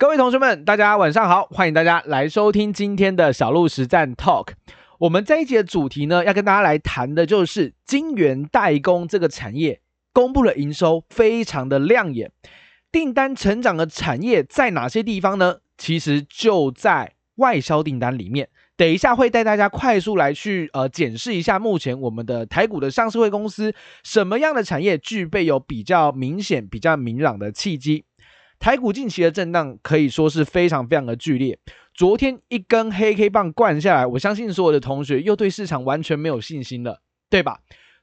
各位同學們，大家晚上好！歡迎大家來收聽今天的小路實戰 Talk。我們這一集的主題呢，要跟大家來談的就是晶圓代工這個產業公布的營收非常的亮眼，訂單成長的產業在哪些地方呢？其實就在外銷訂單裡面。等一下會帶大家快速來去呃檢視一下目前我們的台股的上市會公司什麼樣的產業具備有比較明顯、比較明朗的契機。.台股近期的震盪可以說是非常非常的劇烈。昨天一根黑 K 棒灌下來，我相信所有的同學又對市場完全沒有信心了，對吧？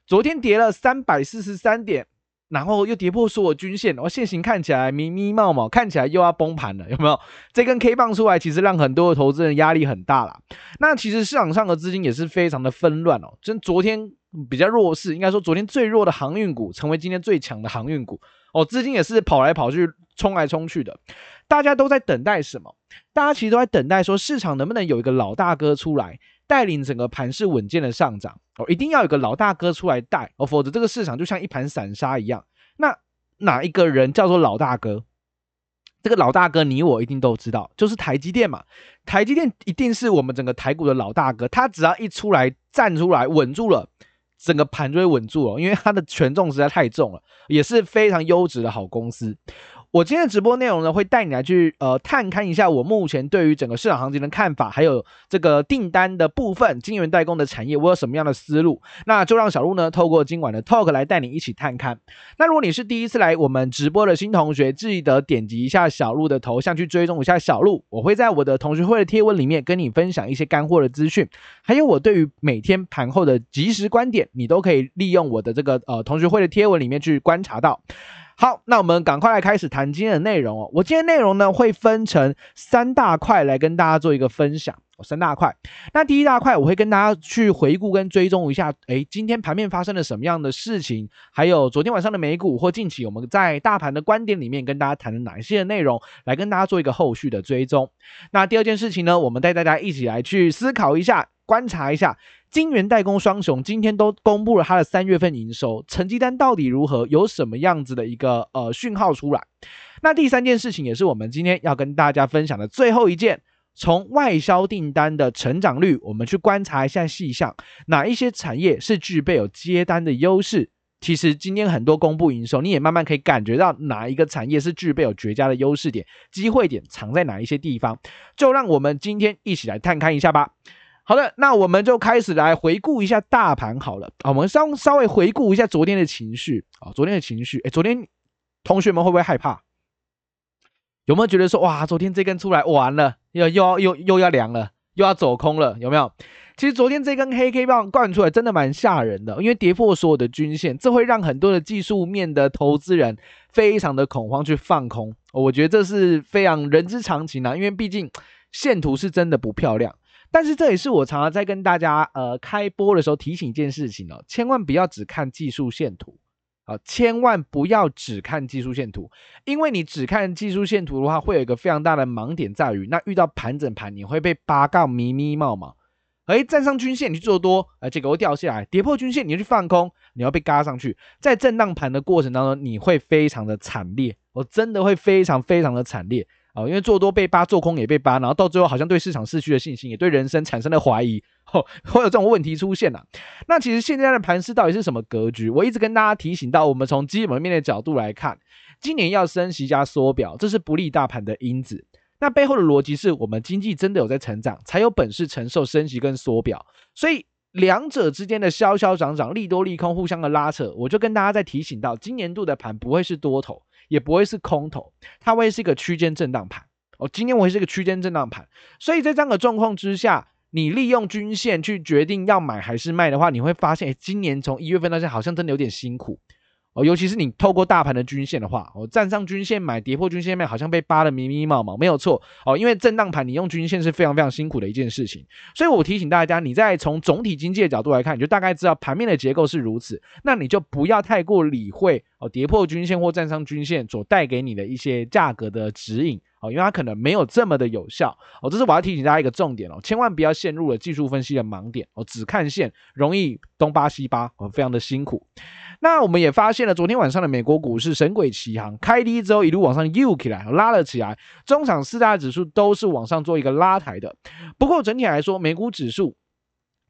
昨天跌了三百四十三點，然後又跌破所有均線，然後線形看起來迷迷茫茫，看起來又要崩盤了，有沒有？這根 K 棒出來，其實讓很多的投資人壓力很大啦。那其實市場上的資金也是非常的紛亂哦，真昨天。比較弱勢，應該說昨天最弱的航運股成為今天最強的航運股哦，資金也是跑來跑去、衝來衝去的。大家都在等待什麼？大家其實都在等待說市場能不能有一個老大哥出來帶領整個盤勢穩健的上漲哦，一定要有個老大哥出來帶哦，否則這個市場就像一盤散沙一樣。那哪一個人叫做老大哥？這個老大哥你我一定都知道，就是台積電嘛。台積電一定是我們整個台股的老大哥，他只要一出來站出來穩住了。整個盤就會穩住了，因為它的權重實在太重了，也是非常優質的好公司。我今天的直播內容呢，會帶你來去呃探看一下我目前對於整個市場行情的看法，還有這個訂單的部分，晶圓代工的產業，我有什麼樣的思路？那就讓小鹿呢透過今晚的 talk 來帶你一起探勘。那如果你是第一次來我們直播的新同學，記得點擊一下小鹿的頭像去追蹤一下小鹿。我會在我的同學會的貼文裡面跟你分享一些乾貨的資訊，還有我對於每天盤後的即時觀點，你都可以利用我的這個呃同學會的貼文裡面去觀察到。好，那我們趕快來開始談今天的內容哦。我今天的內容呢，會分成三大塊來跟大家做一個分享，三大塊。那第一大塊我會跟大家去回顧跟追蹤一下，哎，今天盤面發生了什麼樣的事情，還有昨天晚上的美股或近期我們在大盤的觀點裡面跟大家談了哪一些的內容，來跟大家做一個後續的追蹤。那第二件事情呢，我們帶大家一起來去思考一下。觀察一下，晶圓代工雙雄今天都公布了它的三月份營收成績單，到底如何？有什麼樣子的一個呃訊號出來？那第三件事情也是我們今天要跟大家分享的最後一件，從外銷訂單的成長率，我們去觀察一下細項，哪一些產業是具備有接單的優勢？其實今天很多公布營收，你也慢慢可以感覺到哪一個產業是具備有絕佳的優勢點、機會點藏在哪一些地方？就讓我們今天一起來探看一下吧。好的，那我們就開始來回顧一下大盤好了。啊，我們稍稍微回顧一下昨天的情緒啊，哦，昨天的情緒，誒，昨天同學們會不會害怕？有沒有覺得說，哇，昨天這根出來，完了，又又又又要涼了，又要走空了，有沒有？其實昨天這根黑 K 棒灌出來真的蠻嚇人的，因為跌破所有的均線，這會讓很多的技術面的投資人非常的恐慌去放空。我覺得這是非常人之常情啊，因為畢竟線圖是真的不漂亮。但是這也是我常常在跟大家呃開播的時候提醒一件事情哦，千萬不要只看技術線圖，啊、哦，千萬不要只看技術線圖，因為你只看技術線圖的話，會有一個非常大的盲點在於，那遇到盤整盤你會被八槓咪咪冒冒，而站上均線你去做多，哎，結果會掉下來，跌破均線你就去放空，你要被嘎上去，在震盪盤的過程當中，你會非常的慘烈，我、哦、真的會非常非常的慘烈。哦，因為做多被扒，做空也被扒，然後到最後好像對市場失去了信心，也對人生產生了懷疑，會有這種問題出現了啊。那其實現在的盤勢到底是什麼格局？我一直跟大家提醒到，我們從基本面的角度來看，今年要升息加縮表，這是不利大盤的因子。那背後的邏輯是我們經濟真的有在成長，才有本事承受升息跟縮表。所以兩者之間的消消長長，利多利空互相的拉扯，我就跟大家在提醒到，今年度的盤不會是多頭。也不會是空頭，它會是一個區間震盪盤哦。今天會是一個區間震盪盤，所以在這樣的狀況之下，你利用均線去決定要買還是賣的話，你會發現，哎，今年從一月份到現在，好像真的有點辛苦。哦，尤其是你透過大盤的均線的話，哦，站上均線買，跌破均線賣，好像被扒的迷迷茫茫，沒有錯。哦，因為震盪盤你用均線是非常非常辛苦的一件事情，所以我提醒大家，你再從總體經濟的角度來看，你就大概知道盤面的結構是如此，那你就不要太過理會哦，跌破均線或站上均線所帶給你的一些價格的指引。哦，因為它可能沒有這麼的有效哦，這是我要提醒大家一個重點哦，千萬不要陷入了技術分析的盲點哦，只看線容易東巴西巴，非常的辛苦。那我們也發現了，昨天晚上的美國股市神鬼奇航，開低之後一路往上又起來，拉了起來，中場四大指數都是往上做一個拉抬的。不過整體來說，美股指數，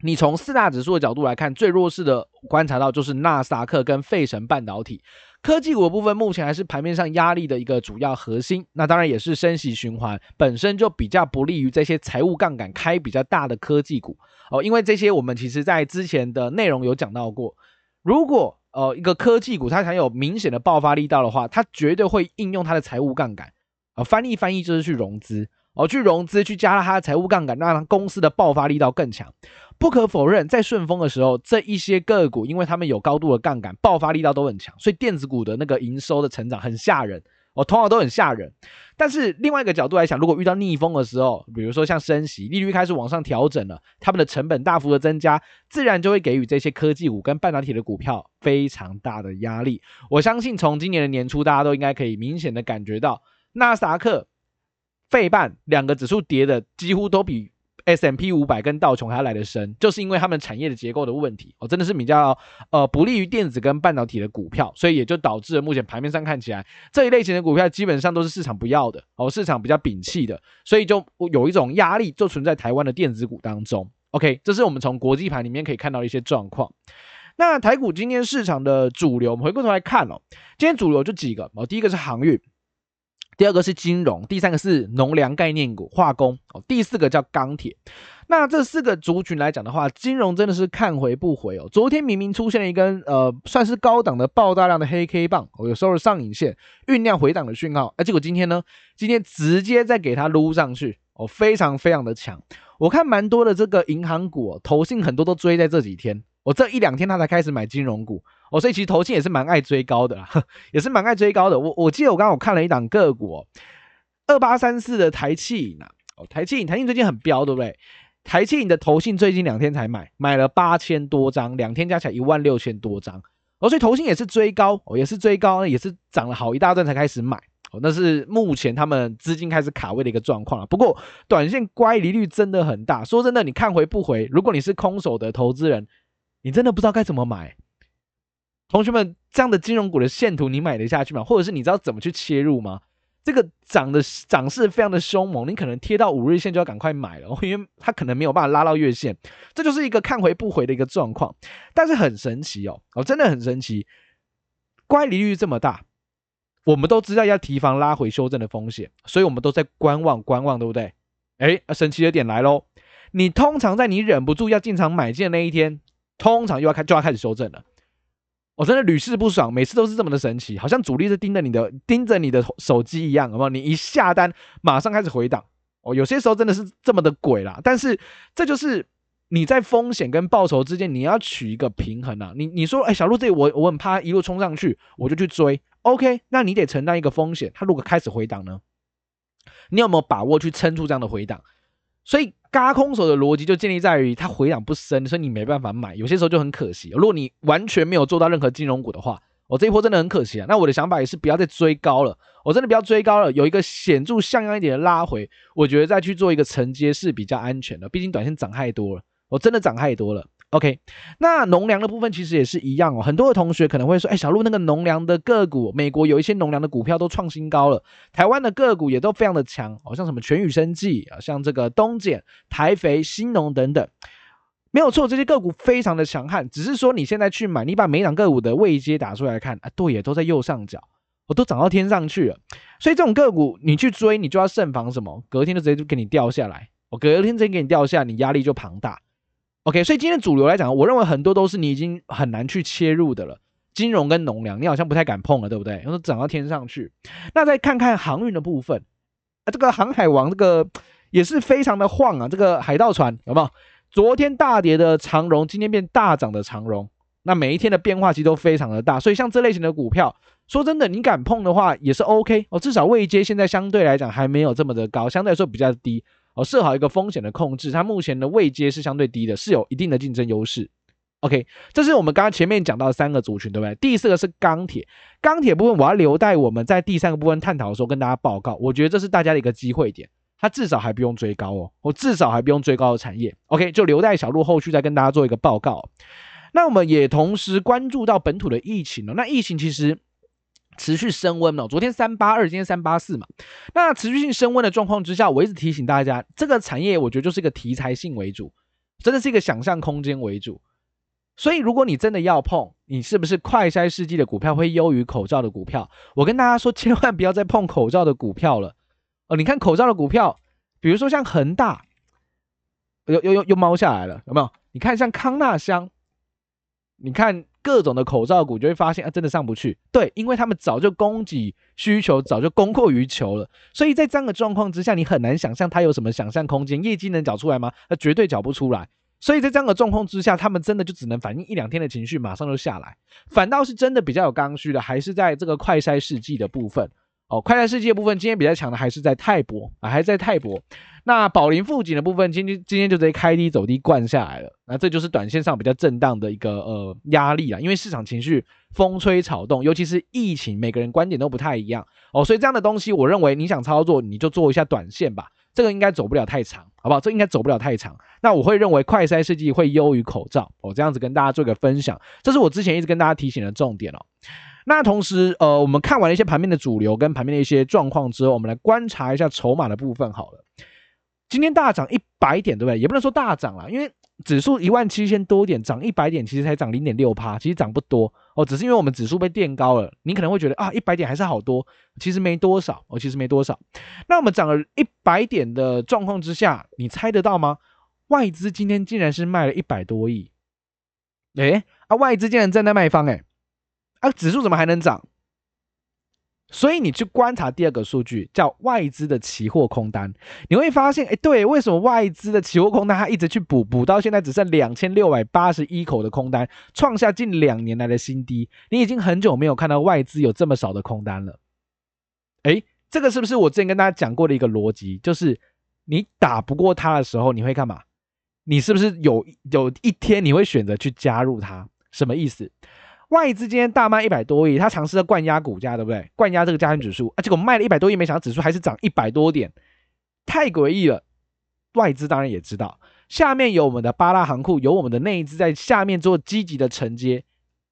你從四大指數的角度來看，最弱勢的觀察到就是納斯達克跟費城半導體。科技股的部分目前還是盤面上壓力的一個主要核心，那當然也是升息循環本身就比較不利於這些財務槓桿開比較大的科技股哦，因為這些我們其實在之前的內容有講到過，如果呃一個科技股它才有明顯的爆發力道的話，它絕對會應用它的財務槓桿，呃翻譯翻譯就是去融資。哦，去融資，去加了它的財務槓桿，讓公司的爆發力道更強。不可否認，在順風的時候，這一些個股，因為他們有高度的槓桿，爆發力道都很強，所以電子股的那個營收的成長很嚇人，哦，同樣都很嚇人。但是另外一個角度來講，如果遇到逆風的時候，比如說像升息，利率開始往上調整了，他們的成本大幅的增加，自然就會給予這些科技股跟半導體的股票非常大的壓力。我相信從今年的年初，大家都應該可以明顯的感覺到納斯達克。費半兩個指數跌的幾乎都比 S M P 五百跟道瓊還要來得深，就是因為他們產業的結構的問題，哦，真的是比較呃不利於電子跟半導體的股票，所以也就導致了目前盤面上看起來這一類型的股票基本上都是市場不要的，哦，市場比較摒棄的，所以就有一種壓力就存在台灣的電子股當中。OK，這是我們從國際盤裡面可以看到的一些狀況。那台股今天市場的主流，我們回過頭來看哦，今天主流就幾個，哦，第一個是航運。第二個是金融，第三個是農糧概念股、化工，哦，第四個叫鋼鐵。那這四個族群來講的話，金融真的是看回不回哦。昨天明明出現了一根呃，算是高檔的爆大量的黑 K 棒，我、哦、有收了上影線，醞釀回檔的訊號，哎、啊，結果今天呢，今天直接再給它擼上去，哦，非常非常的強。我看蠻多的這個銀行股，哦，投信很多都追在這幾天，我、哦、這一兩天他才開始買金融股。哦，所以其實投信也是蠻愛追高的啦，也是蠻愛追高的。我我記得我剛剛我看了一檔個股，哦，二八三四的台企銀台企銀，台，企台企銀最近很飆，對不對？台企銀的投信最近兩天才買，買了八千多張，兩天加起來一萬六千多張。哦，所以投信也是追高，哦，也是追高，也是漲了好一大段才開始買。哦，那是目前他們資金開始卡位的一個狀況。不過短線乖離率真的很大，說真的，你看回不回？如果你是空手的投資人，你真的不知道該怎麼買。同學們，這樣的金融股的線圖，你買得下去嗎？或者是你知道怎麼去切入嗎？這個漲的漲勢非常的凶猛，你可能貼到五日線就要趕快買了，哦，因為它可能沒有辦法拉到月線，這就是一個看回不回的一個狀況。但是很神奇哦，哦，真的很神奇，乖離率這麼大，我們都知道要提防拉回修正的風險，所以我們都在觀望觀望，對不對？哎，神奇的點來咯，你通常在你忍不住要進場買進的那一天，通常又要開就要開始修正了。我、哦、真的屢試不爽，每次都是這麼的神奇，好像主力是盯着你的，盯着你的手機一樣，好不好？你一下單，馬上開始回檔。哦，有些時候真的是這麼的鬼啦。但是這就是你在風險跟報酬之間，你要取一個平衡啊。你你說，哎、欸，小路這裡我我很怕一路衝上去，我就去追，OK？那你得承擔一個風險，他如果開始回檔呢？你有沒有把握去撐住這樣的回檔？所以。軋空手的邏輯就建立在於它回檔不深，所以你沒辦法買。有些時候就很可惜。如果你完全沒有做到任何金融股的話，我，哦，這一波真的很可惜啊。那我的想法也是不要再追高了，我，哦，真的不要追高了。有一個顯著像樣一點的拉回，我覺得再去做一個承接是比較安全的。畢竟短線漲太多了，我，哦，真的漲太多了。OK，那農糧的部分其實也是一樣哦。很多的同學可能會說，哎，小鹿那個農糧的個股，美國有一些農糧的股票都創新高了，台灣的個股也都非常的強，好、哦、像什麼全宇生技啊、哦，像這個東鹼、台肥、興農等等，沒有錯，這些個股非常的強悍。只是說你現在去買，你把每一檔個股的位階打出來看啊，對，也都在右上角，我都漲到天上去了。所以這種個股你去追，你就要慎防什麼，隔天就直接就給你掉下來。我、哦、隔天直接給你掉下來，你壓力就龐大。OK，所以今天的主流來講，我認為很多都是你已經很難去切入的了。金融跟農糧，你好像不太敢碰了，對不對？要說漲到天上去。那再看看航運的部分，啊，這個航海王這個也是非常的晃啊。這個海盜船，有沒有？昨天大跌的長榮，今天變大漲的長榮，那每一天的變化其實都非常的大。所以像這類型的股票，說真的，你敢碰的話也是 OK 哦，至少位階現在相對來講還沒有這麼的高，相對來說比較低。哦，設好一個風險的控制，它目前的位階是相對低的，是有一定的競爭優勢。OK，這是我們剛剛前面講到的三個族群，對不對？第四個是鋼鐵，鋼鐵部分我要留待我們在第三個部分探討的時候跟大家報告。我覺得這是大家的一個機會點，它至少還不用追高哦，我至少還不用追高的產業。OK，就留待小路後續再跟大家做一個報告。那我們也同時關注到本土的疫情了，哦，那疫情其實。持續升溫哦，昨天三八二，今天三八四嘛。那持續性升溫的狀況之下，我一直提醒大家，這個產業我覺得就是一個題材性為主，真的是一個想象空間為主。所以如果你真的要碰，你是不是快篩試劑的股票會優於口罩的股票？我跟大家說，千萬不要再碰口罩的股票了哦、呃。你看口罩的股票，比如說像恆大，又又又又貓下來了，有沒有？你看像康那香，你看。各種的口罩股就會發現啊，真的上不去。對，因為他們早就供給需求早就供過於求了，所以在這樣的狀況之下，你很難想象它有什麼想象空間，業績能繳出來嗎？那、啊、絕對繳不出來。所以在這樣的狀況之下，他們真的就只能反映一兩天的情緒，馬上就下來。反倒是真的比較有剛需的，還是在這個快篩試劑的部分。哦，快篩試劑部分今天比較強的還是在泰博啊，還是在泰博。那寶齡富錦的部分，今天今天就直接開低走低灌下來了。那這就是短線上比較震盪的一個呃壓力啊，因為市場情緒風吹草動，尤其是疫情，每個人觀點都不太一樣哦。所以這樣的東西，我認為你想操作，你就做一下短線吧，這個應該走不了太長，好不好？這個、應該走不了太長。那我會認為快篩試劑會優於口罩，我、哦、這樣子跟大家做一個分享，這是我之前一直跟大家提醒的重點哦。那同時，呃，我們看完了一些盤面的主流跟盤面的一些狀況之後，我們來觀察一下籌碼的部分好了。今天大漲一百點，對不對？也不能說大漲啦，因為指數一萬七千多點漲一百點其實，其實才漲零點六趴，其實漲不多哦。只是因為我們指數被墊高了，你可能會覺得啊，一百點還是好多，其實沒多少哦，其實沒多少。那我們漲了一百點的狀況之下，你猜得到嗎？外資今天竟然是賣了一百多億，誒、欸，啊，外資竟然正在那賣方、欸，誒。啊，指數怎麼還能漲？所以你去觀察第二個數據，叫外資的期貨空單，你會發現，哎，對，為什麼外資的期貨空單它一直去補，補到現在只剩兩千六百八十一口的空單，創下近兩年來的新低。你已經很久沒有看到外資有這麼少的空單了。哎，這個是不是我之前跟大家講過的一個邏輯？就是你打不過它的時候，你會幹嘛？你是不是有有一天你會選擇去加入它，什麼意思？外資今天大賣一百多億，他嘗試在摜壓股價，對不對？摜壓這個加權指數，啊，結果賣了一百多億，沒想到指數還是漲一百多點，太詭異了。外資當然也知道，下面有我們的八大行庫，有我們的內資在下面做積極的承接，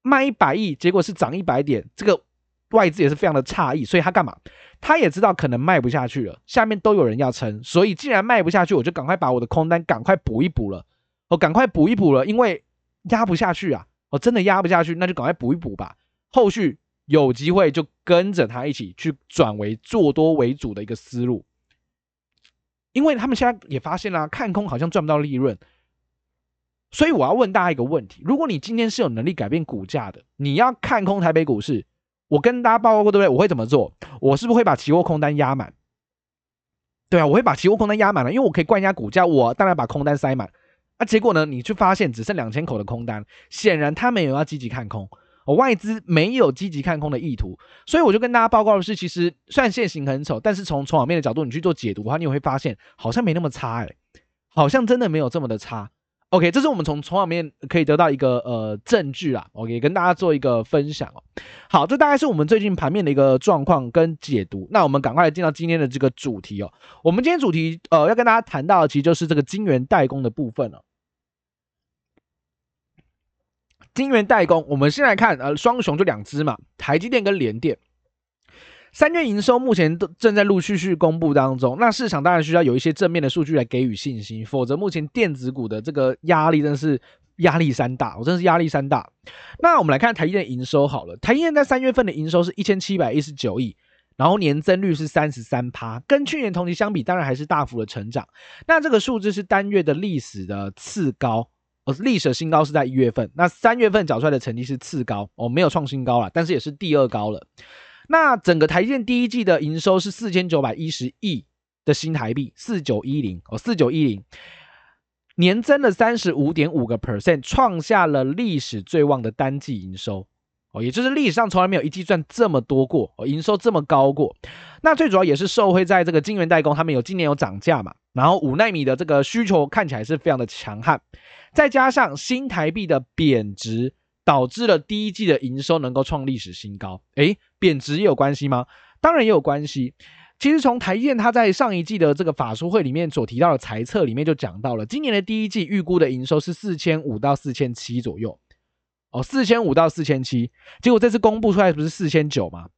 賣一百億，結果是漲一百多點，這個外資也是非常的詫異，所以他幹嘛？他也知道可能賣不下去了，下面都有人要撐，所以既然賣不下去，我就趕快把我的空單趕快補一補了。哦，趕快補一補了，因為壓不下去啊。我、哦、真的壓不下去，那就趕快補一補吧。後續有機會就跟着他一起去轉為做多為主的一個思路，因為他們現在也發現了、啊，看空好像賺不到利潤，所以我要問大家一個問題：如果你今天是有能力改變股價的，你要看空台北股市，我跟大家報告過，對不對？我會怎麼做？我是不是會把期貨空單壓滿？對啊，我會把期貨空單壓滿了，因為我可以灌壓股價，我當然把空單塞滿。啊，結果呢？你去發現只剩兩千口的空單，顯然他沒有要積極看空，哦，外資沒有積極看空的意圖，所以我就跟大家報告的是，其實雖然線型很醜，但是從從籌碼面的角度你去做解讀的話，你也會發現好像沒那麼差、欸，哎，好像真的沒有這麼的差。OK，這是我們從從籌碼面可以得到一個呃證據啦。OK，跟大家做一個分享哦。好，這大概是我們最近盤面的一個狀況跟解讀。那我們趕快進到今天的這個主題哦。我們今天主題呃要跟大家談到的其實就是這個晶圓代工的部分了、哦。晶圓代工，我們先來看，呃，雙雄就兩只嘛，台積電跟聯電。三月營收目前都正在陸陸續續公布當中，那市場當然需要有一些正面的數據來給予信心，否則目前電子股的這個壓力真的是壓力山大，我真是壓力山大。那我們來看台積電營收好了，台積電在三月份的營收是一千七百一十九億，然後年增率是三十三趴，跟去年同期相比，當然還是大幅的成長。那這個數字是單月的歷史的次高。歷史新高是在一月份，那三月份繳出來的成績是次高哦，沒有創新高了，但是也是第二高了。那整個台積電第一季的營收是四千九百一十億的新台幣，四九一零哦，四九一零，年增了三十五點五個 percent，創下了歷史最旺的單季營收。也就是歷史上從來沒有一季賺這麼多過，營收這麼高過。那最主要也是受惠在這個晶圓代工，他們有今年有漲價嘛，然後五奈米的這個需求看起來是非常的強悍，再加上新台幣的貶值，導致了第一季的營收能夠創歷史新高。誒，貶值也有關係嗎？當然也有關係。其實從台積電他在上一季的這個法說會裡面所提到的財測裡面就講到了，今年的第一季預估的營收是四千五到四千七左右。哦，四千五到四千七，結果這次公布出來不是四千九嗎？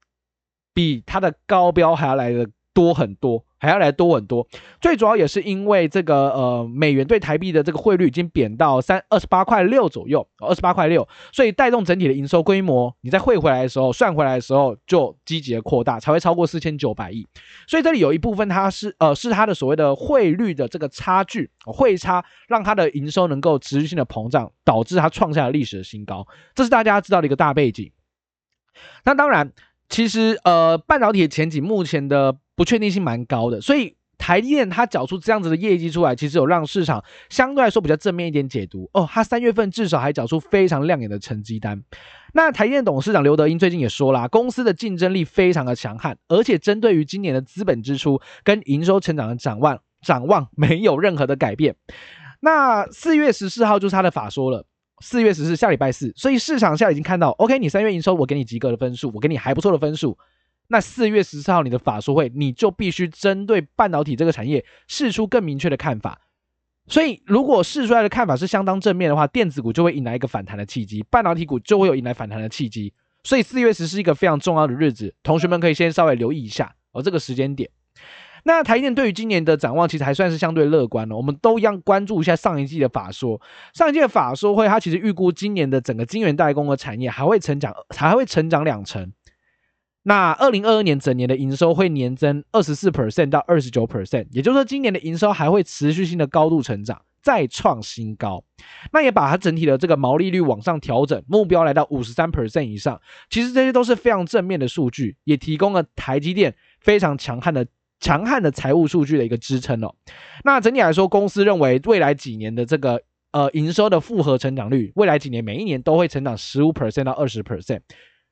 比他的高標還要來的。多很多，還要來多很多，最主要也是因為這個呃，美元兌台幣的這個匯率已經貶到三二十八塊六左右，二十八塊六，所以帶動整體的營收規模，你在匯回來的時候，算回來的時候就積極的擴大，才會超過四千九百億。所以這裡有一部分它是呃，是它的所謂的匯率的這個差距，匯差讓它的營收能夠持續性的膨脹，導致它創下了歷史的新高，這是大家知道的一個大背景。那當然。其實，呃，半導體前景目前的不確定性蠻高的，所以台積電它繳出這樣子的業績出來，其實有讓市場相對來說比較正面一點解讀哦。它三月份至少還繳出非常亮眼的成績單。那台積電董事長劉德音最近也說了啊，公司的競爭力非常的強悍，而且針對於今年的資本支出跟營收成長的展望，展望沒有任何的改變。那四月十四號就是他的法說了。四月十四，下禮拜四，所以市場現在已經看到，OK，你三月營收，我給你及格的分數，我給你還不錯的分數。那四月十四號你的法說會，你就必須針對半導體這個產業試出更明確的看法。所以，如果試出來的看法是相當正面的話，電子股就會迎來一個反彈的契機，半導體股就會有迎來反彈的契機。所以，四月十四是一個非常重要的日子，同學們可以先稍微留意一下，而、哦、這個時間點。那台積電對於今年的展望其實還算是相對樂觀了。我們都一樣關注一下上一季的法說，上一季的法說會，它其實預估今年的整個晶圓代工的產業還會成長，還會成長兩成。那二零二二年整年的營收會年增二十四 percent 到二十九 percent，也就是說今年的營收還會持續性的高度成長，再創新高。那也把它整體的這個毛利率往上調整，目標來到五十三 percent 以上。其實這些都是非常正面的數據，也提供了台積電非常強悍的。強悍的財務數據的一個支撐哦。那整體來說，公司認為未來幾年的這個呃營收的複合成長率，未來幾年每一年都會成長十五 percent 到二十 percent。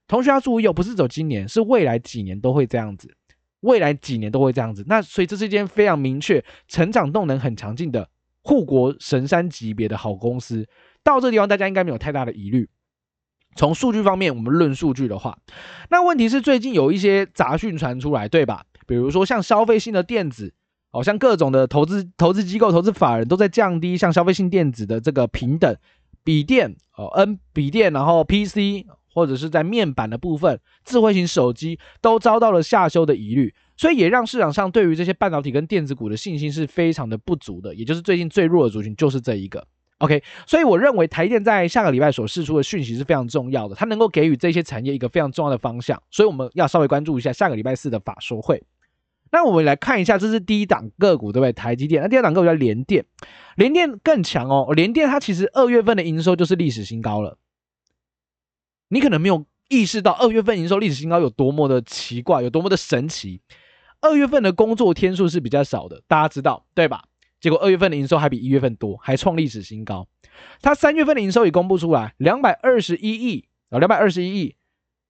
同學要注意，哦，不是走今年，是未來幾年都會這樣子，未來幾年都會這樣子。那所以這是一間非常明確、成長動能很強勁的護國神山級別的好公司。到這個地方，大家應該沒有太大的疑慮。從數據方面，我們論數據的話，那問題是最近有一些雜訊傳出來，對吧？比如說像消費性的電子，哦，像各種的投資、投資機構、投資法人都在降低像消費性電子的這個平板筆電哦，N 筆電，然後 PC 或者是在面板的部分，智慧型手機都遭到了下修的疑慮，所以也讓市場上對於這些半導體跟電子股的信心是非常的不足的。也就是最近最弱的族群就是這一個。OK，所以我認為台積電在下個禮拜所釋出的訊息是非常重要的，它能夠給予這些產業一個非常重要的方向，所以我們要稍微關注一下下個禮拜四的法說會。那我們來看一下，這是第一檔個股，對不對？台積電。那第二檔個股叫聯電，聯電更強哦。聯電它其實二月份的營收就是歷史新高了。你可能沒有意識到二月份營收歷史新高有多麼的奇怪，有多麼的神奇。二月份的工作天數是比較少的，大家知道對吧？結果二月份的營收還比一月份多，還創歷史新高。它三月份的營收已公布出來，兩百二十一億哦，兩百二十一億。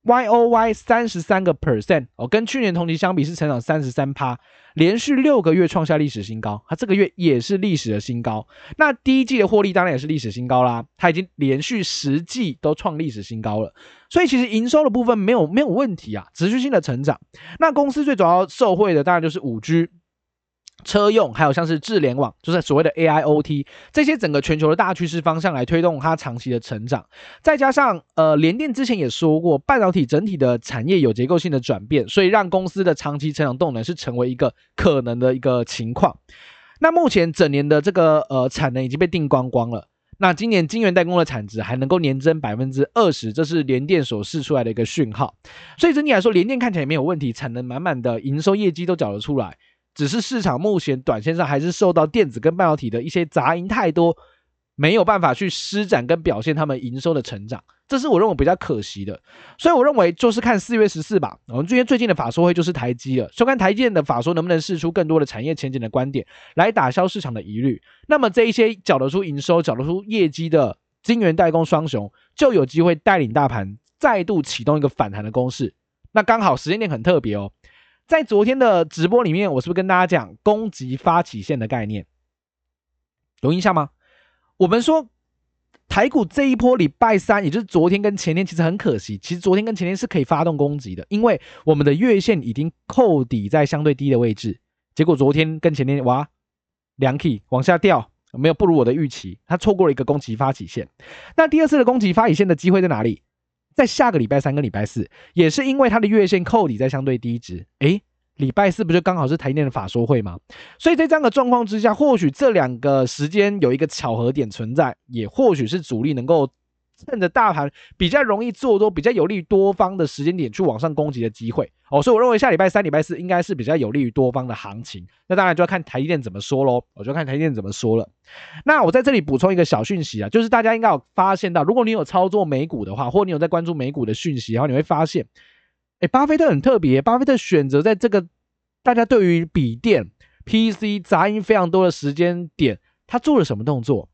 YoY 三十三個 percent 哦，跟去年同期相比是成長三十三趴，連續六個月創下歷史新高。它這個月也是歷史的新高。那第一季的獲利當然也是歷史新高啦，它已經連續十季都創歷史新高了。所以其實營收的部分沒有沒有問題啊，持續性的成長。那公司最主要受惠的當然就是五 G。車用還有像是智聯網，就是所謂的 AIoT 這些整個全球的大趨勢方向來推動它長期的成長，再加上呃聯電之前也說過，半導體整體的產業有結構性的轉變，所以讓公司的長期成長動能是成為一個可能的一個情況。那目前整年的這個呃產能已經被訂光光了，那今年晶圓代工的產值還能夠年增百分之二十，這是聯電所示出來的一個訊號。所以整體來說，聯電看起來也沒有問題，產能滿滿的，營收業績都繳了出來。只是市場目前短線上還是受到電子跟半導體的一些雜音太多，沒有辦法去施展跟表現他們營收的成長，這是我認為比較可惜的。所以我認為就是看四月十四吧，我們最近最近的法說會就是台積了，收看台積的法說能不能釋出更多的產業前景的觀點，來打消市場的疑慮。那麼這一些繳得出營收、繳得出業績的晶圓代工雙雄，就有機會帶領大盤再度啟動一個反彈的攻勢。那剛好時間點很特別哦。在昨天的直播裡面，我是不是跟大家講攻擊發起線的概念？有印象嗎？我們說台股這一波禮拜三，也就是昨天跟前天，其實很可惜，其實昨天跟前天是可以發動攻擊的，因為我們的月線已經扣抵在相對低的位置，結果昨天跟前天哇，兩 K 往下掉，沒有不如我的預期，它錯過了一個攻擊發起線。那第二次的攻擊發起線的機會在哪裡？在下個禮拜三跟禮拜四，也是因為它的月線扣抵在相對低值。誒，禮拜四不就剛好是台積電的法說會嗎？所以在這樣的狀況之下，或許這兩個時間有一個巧合點存在，也或許是主力能夠趁着大盤比較容易做多、比較有利於多方的時間點去往上攻擊的機會哦，所以我認為下禮拜三、禮拜四應該是比較有利於多方的行情。那當然就要看台積電怎麼說嘍，我就要看台積電怎麼說了。那我在這裡補充一個小訊息啊，就是大家應該有發現到，如果你有操作美股的話，或你有在關注美股的訊息，然後你會發現，欸，巴菲特很特別，欸，巴菲特選擇在這個大家對於筆電、PC 雜音非常多的時間點，他做了什麼動作？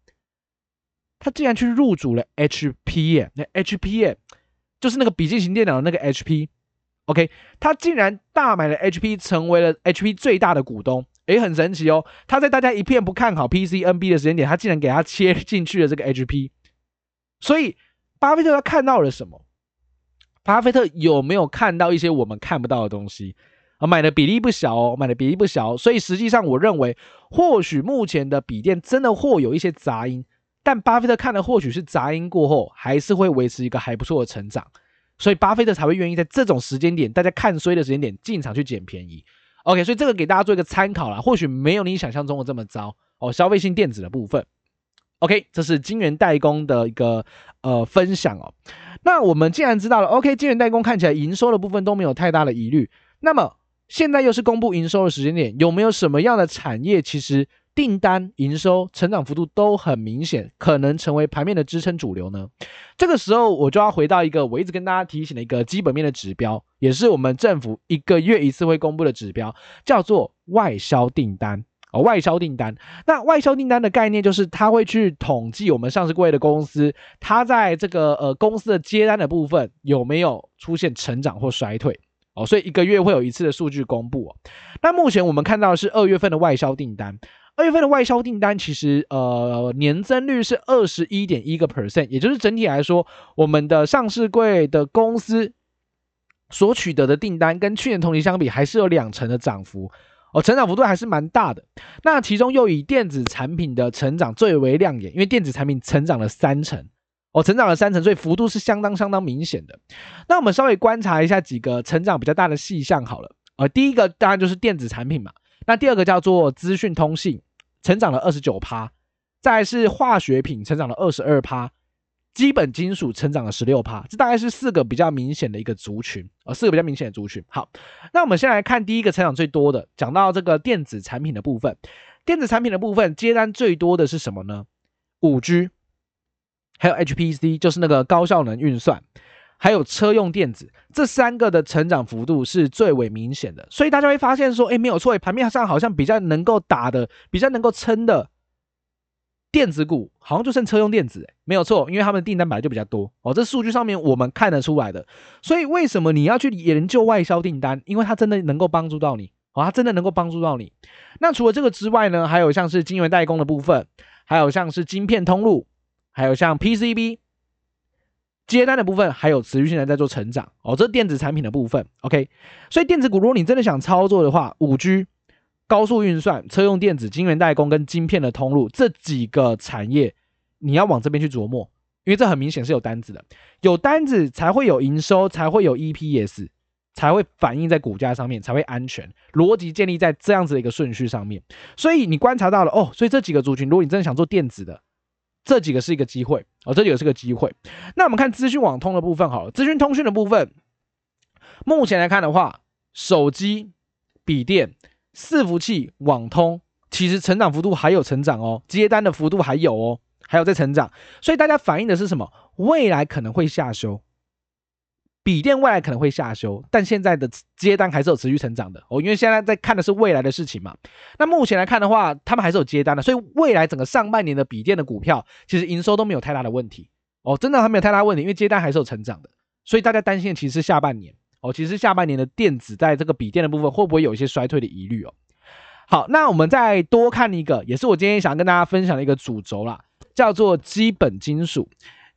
他竟然去入主了 HP 耶，那 HP 耶就是那個筆記型電腦的那個 HP，OK，、okay, 他竟然大買了 HP，成為了 HP 最大的股東，誒、欸，很神奇哦。他在大家一片不看好 PCNB 的時間點，他竟然給他切進去了這個 HP。所以，巴菲特他看到了什麼？巴菲特有沒有看到一些我們看不到的東西？啊，買的比例不小哦，買的比例不小、哦。所以，實際上我認為，或許目前的筆電真的或有一些雜音。但巴菲特看的或許是雜音過後，還是會維持一個還不錯的成長，所以巴菲特才會願意在這種時間點，大家看衰的時間點進場去撿便宜。OK，所以這個給大家做一個參考啦，或許沒有你想象中的這麼糟哦。消費性電子的部分，OK，這是晶圓代工的一個呃分享哦。那我們既然知道了，OK，晶圓代工看起來營收的部分都沒有太大的疑慮，那麼現在又是公布營收的時間點，有沒有什麼樣的產業其實，訂單營收成長幅度都很明顯，可能成為盤面的支撐主流呢？這個時候我就要回到一個我一直跟大家提醒的一個基本面的指標，也是我們政府一個月一次會公布的指標，叫做外銷訂單哦。外銷訂單，那外銷訂單的概念就是它會去統計我們上市櫃的公司，它在這個呃公司的接單的部分有沒有出現成長或衰退哦。所以一個月會有一次的數據公布哦。那目前我們看到的是二月份的外銷訂單。二月份的外銷訂單其實，呃，年增率是二十一點一個 percent，也就是整體來說，我們的上市櫃的公司所取得的訂單跟去年同期相比，還是有兩成的漲幅，哦，成長幅度還是蠻大的。那其中又以電子產品的成長最為亮眼，因為電子產品成長了三成，哦，成長了三成，所以幅度是相當相當明顯的。那我們稍微觀察一下幾個成長比較大的細項好了，呃，第一個當然就是電子產品嘛。那第二個叫做資訊通信，成長了二十九趴；再來是化學品，成長了二十二趴；基本金屬成長了十六趴。這大概是四個比較明顯的一個族群啊，四個比較明顯的族群。好，那我們先來看第一個成長最多的，講到這個電子產品的部分，電子產品的部分接單最多的是什麼呢？五 G，還有 HPC，就是那個高效能運算。還有車用電子這三個的成長幅度是最為明顯的，所以大家會發現說，哎，沒有錯，盤面上好像比較能夠打的、比較能夠撐的電子股，好像就剩車用電子。沒有錯，因為他們的訂單本來就比較多哦。這數據上面我們看得出來的。所以為什麼你要去研究外銷訂單？因為它真的能夠幫助到你，哦，它真的能夠幫助到你。那除了這個之外呢，還有像是晶圓代工的部分，還有像是晶片通路，還有像 PCB。接單的部分還有持續性的在做成長哦，這是電子產品的部分，OK，所以電子股如果你真的想操作的話，5G、高速運算、車用電子、晶圓代工跟晶片的通路這幾個產業，你要往這邊去琢磨，因為這很明顯是有單子的，有單子才會有營收，才會有 EPS，才會反映在股價上面，才會安全，邏輯建立在這樣子的一個順序上面。所以你觀察到了哦，所以這幾個族群，如果你真的想做電子的。這幾個是一個機會哦，這幾個是一個機會。那我們看資訊網通的部分好了，資訊通訊的部分，目前來看的話，手機、筆電、伺服器、網通，其實成長幅度還有成長哦，接單的幅度還有哦，還有在成長。所以大家反映的是什麼？未來可能會下修。筆電未來可能會下修，但現在的接單還是有持續成長的哦，因為現在在看的是未來的事情嘛。那目前來看的話，他們還是有接單的，所以未來整個上半年的筆電的股票，其實營收都沒有太大的問題哦，真的還沒有太大問題，因為接單還是有成長的。所以大家擔心的其實是下半年哦，其實下半年的電子在這個筆電的部分會不會有一些衰退的疑慮哦。好，那我們再多看一個，也是我今天想跟大家分享的一個主軸啦，叫做基本金屬。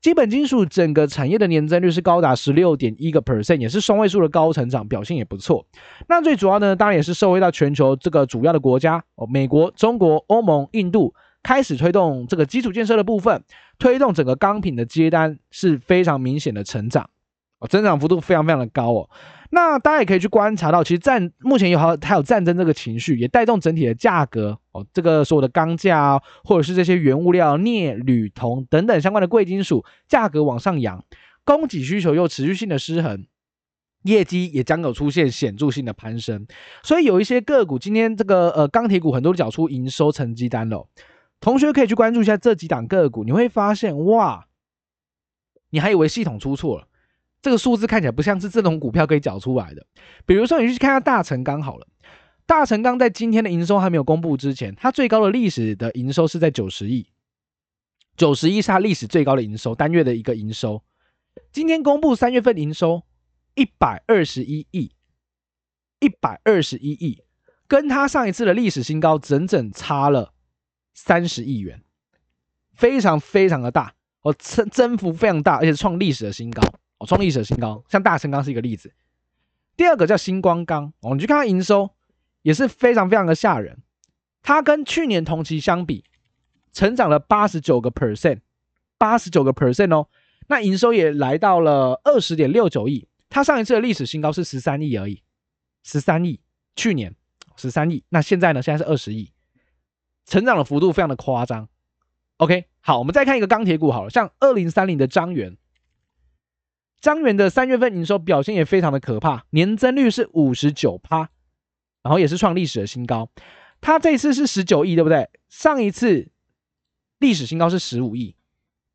基本金屬整個產業的年增率是高達十六點一個 percent，也是雙位數的高成長，表現也不錯。那最主要呢，當然也是受惠到全球這個主要的國家，哦，美國、中國、歐盟、印度開始推動這個基礎建設的部分，推動整個鋼品的接單是非常明顯的成長。哦，增長幅度非常非常的高哦。那大家也可以去觀察到，其實戰目前有好它有，有戰爭這個情緒，也帶動整體的價格哦。這個所有的鋼價啊，或者是這些原物料鎳、鋁、銅等等相關的貴金屬價格往上揚，供給需求又持續性的失衡，業績也將有出現顯著性的攀升。所以有一些個股今天這個呃鋼鐵股很多都繳出營收成績單了哦，同學可以去關注一下這幾檔個股，你會發現哇，你還以為系統出錯了。這個數字看起來不像是這種股票可以繳出來的。比如說，你去看下大成鋼好了。大成鋼在今天的營收還沒有公布之前，它最高的歷史的營收是在九十億，九十億是它歷史最高的營收單月的一個營收。今天公布三月份營收一百二十一億，一百二十一億跟它上一次的歷史新高整整差了三十億元，非常非常的大，哦，增增幅非常大，而且是創歷史的新高。哦，創歷史新高，像大成鋼是一個例子。第二個叫星光鋼哦，你去看它營收也是非常非常的嚇人，它跟去年同期相比，成長了八十九個 percent，八十九個 percent 哦。那營收也來到了二十點六九億，它上一次的歷史新高是十三億而已，十三億，去年十三億，那現在呢？現在是二十億，成長的幅度非常的誇張。OK，好，我們再看一個鋼鐵股好了，像二零三零的張元。張元的三月份營收表現也非常的可怕，年增率是五十九趴，然後也是創歷史的新高。他這一次是十九億，對不對？上一次歷史新高是十五億，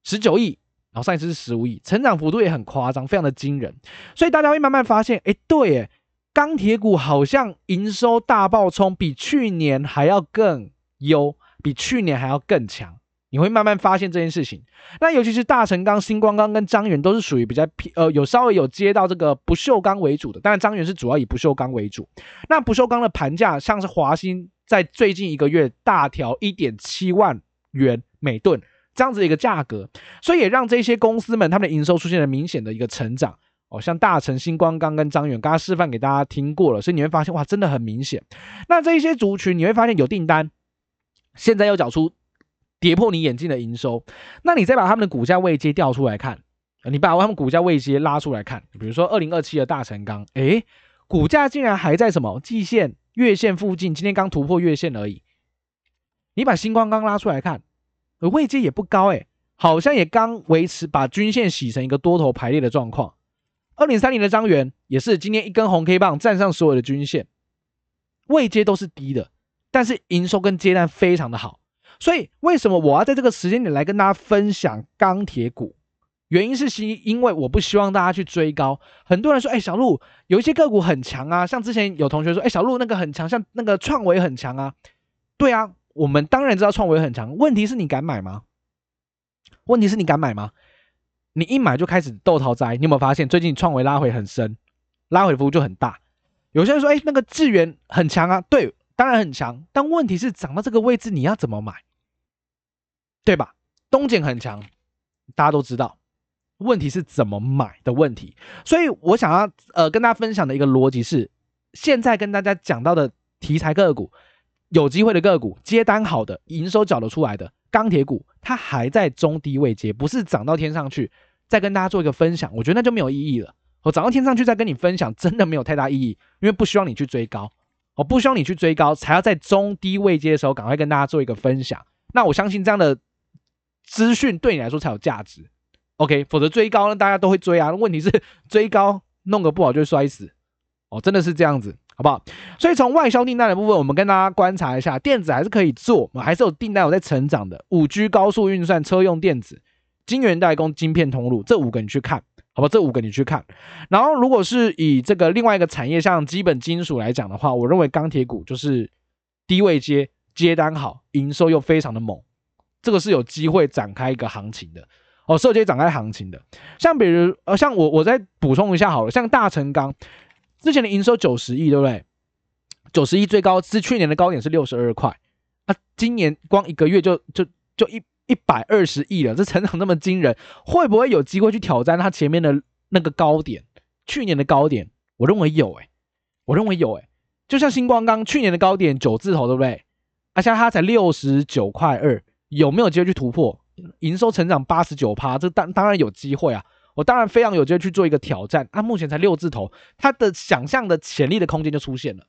十九億，然後上一次是十五億，成長幅度也很誇張，非常的驚人。所以大家會慢慢發現，哎，對耶，鋼鐵股好像營收大爆衝，比去年還要更優，比去年還要更強。你會慢慢發現這件事情。那尤其是大成鋼、新光鋼跟彰源都是屬於比較呃，有稍微有接到這個不鏽鋼為主的。當然，彰源是主要以不鏽鋼為主。那不鏽鋼的盤價像是華新在最近一個月大調一點七萬元每噸這樣子一個價格，所以也讓這些公司們他們的營收出現了明顯的一個成長。哦，像大成、新光鋼跟彰源，剛剛示範給大家聽過了，所以你會發現哇，真的很明顯。那這一些族群你會發現有訂單，現在又找出跌破你眼鏡的營收，那你再把他們的股價位階調出來看，你把他們股價位階拉出來看，比如說二零二七的大成鋼，誒、欸。股價竟然還在什麼季線、月線附近，今天剛突破月線而已。你把星光鋼拉出來看，位階也不高、欸，哎，好像也剛維持把均線洗成一個多頭排列的狀況。二零三零的張元也是今天一根紅 K 棒站上所有的均線，位階都是低的，但是營收跟接單非常的好。所以為什麼我要在這個時間點來跟大家分享鋼鐵股？原因是希，因為我不希望大家去追高。很多人說，哎，小路有一些個股很強啊，像之前有同學說，哎，小路那個很強，像那個創維很強啊。對啊，我們當然知道創維很強，問題是你敢買嗎？問題是你敢買嗎？你一買就開始倒頭栽，你有沒有發現最近創維拉回很深，拉回幅度就很大。有些人說，哎，那個智原很強啊。對，當然很強，但問題是漲到這個位置你要怎麼買？對吧？東景很強，大家都知道。問題是怎麼買的問題。所以我想要呃跟大家分享的一個邏輯是，現在跟大家講到的題材個股，有機會的個股，接單好的，營收繳得出來的鋼鐵股，它還在中低位階，不是漲到天上去再跟大家做一個分享，我覺得那就沒有意義了。我漲到天上去再跟你分享，真的沒有太大意義，因為不需要你去追高，我不需要你去追高，才要在中低位階的時候趕快跟大家做一個分享。那我相信這樣的。資訊對你來說才有價值，OK，否則追高呢，大家都會追啊。問題是追高弄個不好就會摔死，哦，真的是這樣子，好不好？所以從外銷訂單的部分，我們跟大家觀察一下，電子還是可以做，還是有訂單，有在成長的。五 G 高速運算、車用電子、晶圓代工、晶片通路，這五個你去看，好吧？這五個你去看。然後如果是以這個另外一個產業，像基本金屬來講的話，我認為鋼鐵股就是低位階，接單好，營收又非常的猛。這個是有機會展開一個行情的哦，是有機會展開行情的，像比如呃，像我我再補充一下好了，像大成鋼之前的營收九十億，對不對？九十億最高是去年的高點是六十二塊，啊，今年光一個月就就就一一百二十億了，這成長那麼驚人，會不會有機會去挑戰它前面的那個高點？去年的高點，我認為有哎、欸，我認為有哎、欸，就像新光鋼去年的高點九字頭，對不對？啊，現在它才六十九塊二。有沒有機會去突破？營收成長八十九趴，這當當然有機會啊！我當然非常有機會去做一個挑戰。那、啊、目前才六字頭，他的想象的潛力的空間就出現了。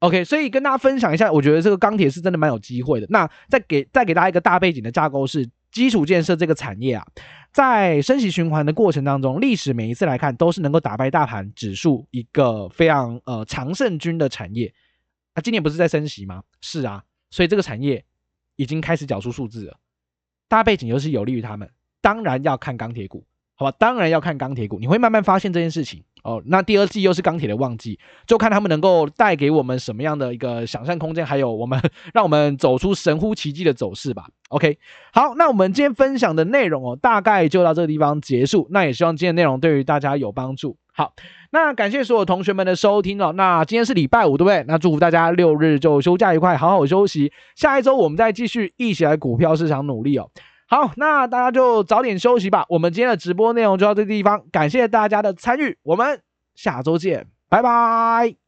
OK，所以跟大家分享一下，我覺得這個鋼鐵是真的蠻有機會的。那再給再給大家一個大背景的架構，是基礎建設這個產業啊，在升息循環的過程當中，歷史每一次來看，都是能夠打敗大盤指數一個非常呃常勝軍的產業。啊，今年不是在升息嗎？是啊，所以這個產業。已經開始繳出數字了，大背景就是有利於他們，當然要看鋼鐵股，好吧？當然要看鋼鐵股，你會慢慢發現這件事情哦。那第二季又是鋼鐵的旺季，就看他們能夠帶給我們什麼樣的一個想象空間，還有我們讓我們走出神乎其技的走勢吧。OK，好，那我們今天分享的內容哦，大概就到這個地方結束。那也希望今天內容對於大家有幫助。好，那感謝所有同學們的收聽哦。那今天是禮拜五，對不對？那祝福大家六日就休假愉快，好好休息。下一周我們再繼續一起來股票市場努力哦。好，那大家就早點休息吧。我們今天的直播內容就到這個地方，感謝大家的參與，我們下周見，拜拜。